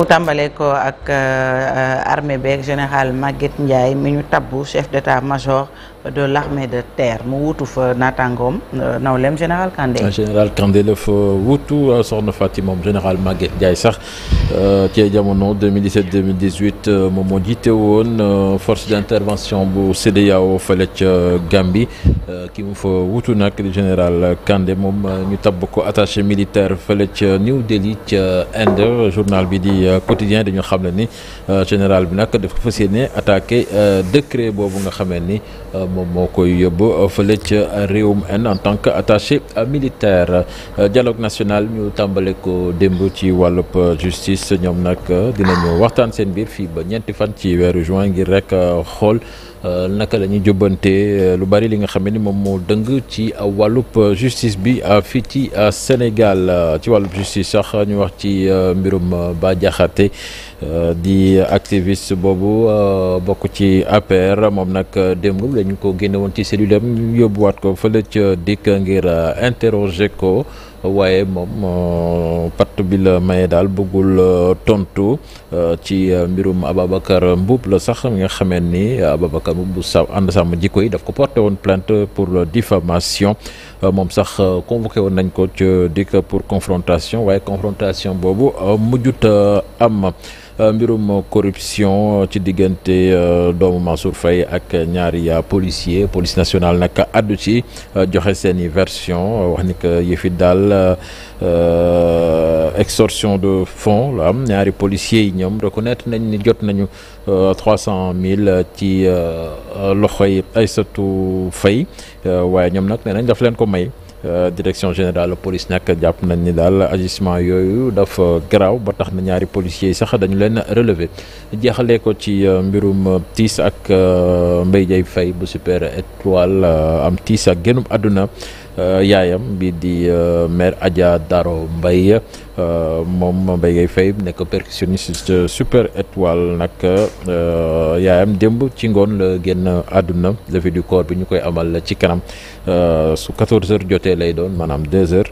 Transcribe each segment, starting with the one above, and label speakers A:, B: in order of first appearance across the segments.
A: mu tàmbalee ko ak euh, euh, armée beeg général Maguette Ndiaye mi ñu tabbu chef de d'état-major de l'armée de terre mu wuutu fa naataangoom euh, nawleem général Kandé. Ah,
B: général Kandé la fa wuutu ah, soxna Fati moom général Maguette Ndiaye sax euh, cee jamono 2017 2018 euh, moom moo jiite woon force d'intervention bu CEDEAO fële ca Gambie ki mu fa wuutu nag général Kandé moom ñu tab ko attaché militaire fële ca New Delhi ca Inde journal bi di quotidien dañu xam ne ni général bi nag daf ko fas yéene attaqué boobu nga xamee ni. moom moo koy yóbbu fële ca réewum Inde en tant que attaché militaire dialogue national ñu tàmbale ko démb ci wàllub justice ñoom nag dinañu waxtaan seen biir fii ba ñeenti fan ci weeru juin ngir rek euh, xool euh, naka la ñuy jubbante euh, lu bari li nga xam ni moom moo dëng ci wàllub justice bi fii ci Sénégal ci wàllub justice sax ñu wax ci mbirum ba Diakhaté Euh, di activiste boobu euh, bokk ci APR moom nag euh, démb lañu ko génne woon ci cellule am yóbbuwaat ko fële ca dikk ngir interroger ko waaye moom patt bi la maye daal bëggul tontu ci mbirum Ababacar Mboup la sax nga xamee ni Ababacar Mboup bu sax ànd sàmm jikko yi daf ko porté woon plainte pour diffamation moom sax convoqué woon nañ ko ci dikk pour confrontation waaye confrontation boobu mujjut am Euh, mbirum corruption euh, ci diggante euh, doomu Mansour Faye ak ñaari policier police nationale nag addu ci joxe seen i version wax ni yi fi daal extorsion de fonds la am ñaari policiers yi ñoom reconnaître nañ ni jot nañu trois cent mille ci loxoy Aïssatou Faye waaye ñoom nag nee nañ daf leen ko may Euh, direction générale police nag jàpp nañ ni daal agissement yooyu dafa garaaw ba tax na ñaari policiers yi sax dañu leen relever jeexalee ko ci euh, mbirum euh, tiis ak Mbaye Diaye Faye bu super étoile am tiis ak génnum àdduna Euh, yaayam bi di euh, mère Adja Daro Mbaye euh, moom Mbaye Gueye Faye nekk percussionniste super étoile nag yaayam démb ci ngoon la génn àdduna levée du corps bi ñu koy amal ci kanam su 14 heures jotee lay doon maanaam 2 heures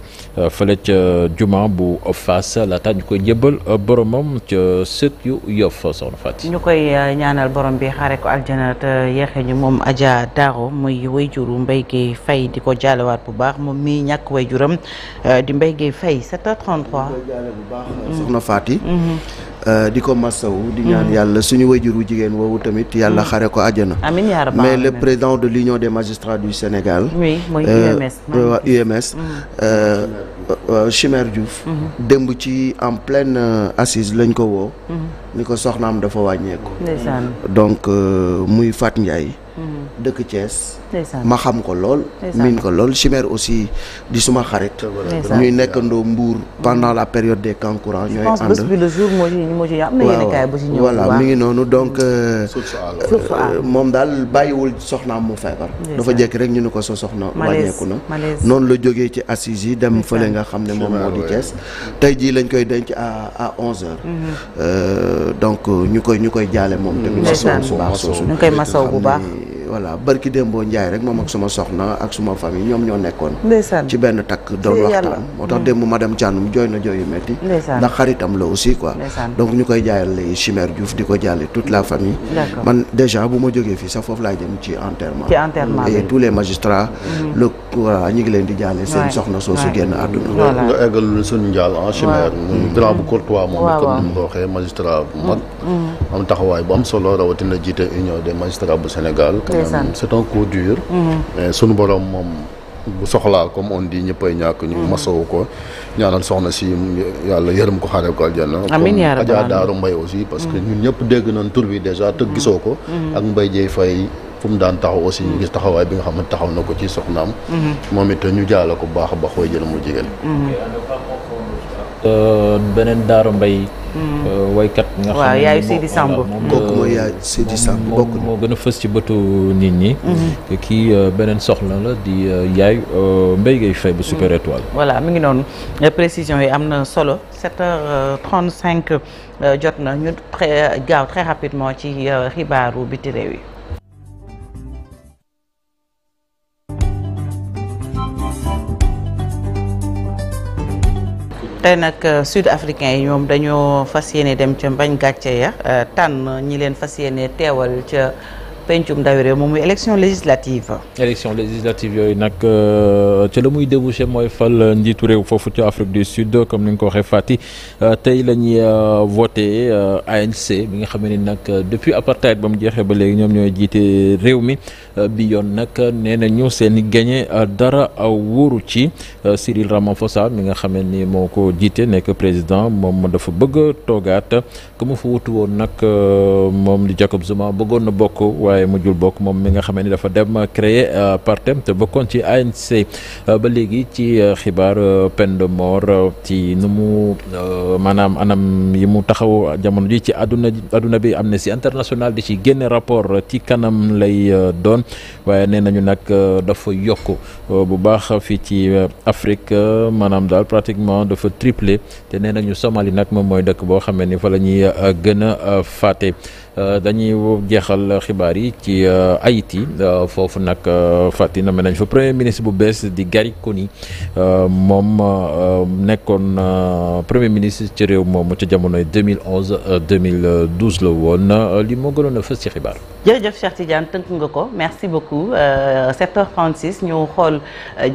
B: fële ca juma bu Fass laata ñu koy jébbal boromam ca sëkk yu Yoff soxna Fatou.
A: ñu koy ñaanal borom bi xaare ko aljana te ñu moom Adja Daro muy wéyjuru Mbaye Gueye Faye di ko jaalewaat bu baax moom mii ñàkk way juram euh, di Mbaye Gueye Faye 7h33. Mm-hmm. Euh, soxna
C: Fati. Mm-hmm. Euh, di ko masawu di ñaan mm-hmm. yàlla suñu wayjuru jigéen woowu tamit yàlla xare ko àjjana. amiin yaa rabbi mais le président de l'union des magistrats du Sénégal. oui mooy UMS. waa UMS. démb ci en pleine assise lañ ko woo. ni ko soxnaam dafa wàññeeku. donc muy Fat Ndiaye. dëkk Thiès. ma xam ko lool. miin ko lool Chimère aussi di suma xarit. ñuy nekkandoo Mbour pendant la période des kankourans ñooy ànd. bés bi
A: le jour moo ci moo ci am na yenn kaay bu ngi
C: noonu donc. Euh, euh, moom daal bàyyiwul soxnaam mu feebar. dafa jekk rek ñu ne ko sa soxna wàññeeku na. noonu la jógee ci assise yi dem fële nga xam ne moom moo di Thiès. tey jii lañ koy denc à à onze heures. Mhm. Euh, donc ñu koy ñu koy jaale moom. tamit masawu bu bu baax. voilà barki démboo Njaay rek moom ak suma soxna ak suma famille ñoom ñoo nekkoon. ci benn takk doon waxtaan. moo tax mm. démb madame Thianoum jooy na jooy yu metti ndax xaritam la aussi quoi. donc ñu koy jaayale Chimère Diouf di ko jaale tout la famille. man déjà bu ma jógee fii sax foofu laa jëm ci enterrement. ci enterrement les magistrats. Mm-hmm. le voilà ñu ngi leen di jaale seen soxna soosu génn àdduna. nga eggal suñu njaal ah Chimère. grand bu moom mm-hmm. am taxawaay bu am solo rawatina jiite union des magistrats bu Sénégal. c'est un coup dur mm-hmm. mais sunu borom moom bu soxlaa comme on dit ñëppay ñàkk ñu mm-hmm. masow ko ñaanal soxna si yàlla yërëm ko xaaree ko aljanna amiin yaa rabbal Adja Daaru Mbay aussi parce que mm-hmm. ñun ñëpp dégg nañ tur bi déjà te gisoo ko ak Mbay Jeey Fay fu mu daan taxaw aussi ñu gis taxawaay bi nga xam ne taxaw na ko ci soxnaam moom it ñu jaala ko baax a baax way mu jigéen
B: Euh, beneen Daara Mbaye hmm. euh, waykat nga xam ne yaayu Sidi Samb yaayu Sidi Samb moo gën a fës ci bëtu nit ñi hmm. kii euh, beneen soxna la di yaay Mbaye Gueye Faye bu Super hmm. Étoile
C: voilà mi ngi noonu
A: précision yi am na solo 7h35 jot na ñu très gaaw très rapidement ci xibaaru biti réew yi tey nag euh, sud africain yi ñoom dañoo fas yéene dem ca mbañ gàcce ya euh, tànn ñi leen fas yéene teewal ca pencum ndawi réew moom muy élection législative.
B: élection législative yooyu nag euh, ca la muy débouché mooy fal njiitu réew foofu ci Afrique du Sud comme ni nga ko waxee Fati euh, tey la ñuy euh, voté ANC bi nga xam ni nag depuis apartheid ba mu jeexee ba léegi ñoom ñooy jiite réew mi bi yoon nag nee na ñu seen i gagné dara wuuru ci Cyril Ramaphosa mi nga xam ni moo ko jiite nekk président moom ma dafa bëgg toogaat ku mu fa wutu woon nag moom di Jacob Zuma bëggoon na bokk waaye. waaye mujjul bokk moom mi nga xamee ni dafa dem créer euh, partem te bokkoon ci ANC euh, ba léegi ci euh, xibaar peine de mort ci nu mu maanaam anam yi mu taxaw jamono ji ci àdduna àdduna bi Amnesty International di ci génne rapport ci kanam lay doon waaye nee nañu nag dafa yokk bu baax fii ci Afrique maanaam daal pratiquement dafa triplé te nee nañu Somalie nag moom mooy dëkk boo xamee ni fa la ñuy gën Euh, dañuy jeexal xibaar yi ci euh, Haïti euh, foofu nag fàttali na nañ fa premier ministre bu bees di Gary Koni moom nekkoon premier ministre ci réew moomu ca jamonoy 2011 2012 la woon li moo gënoon a fës ci xibaar.
A: jërëjëf Cheikh Tidiane tënk nga ko merci beaucoup 7 h ñu xool.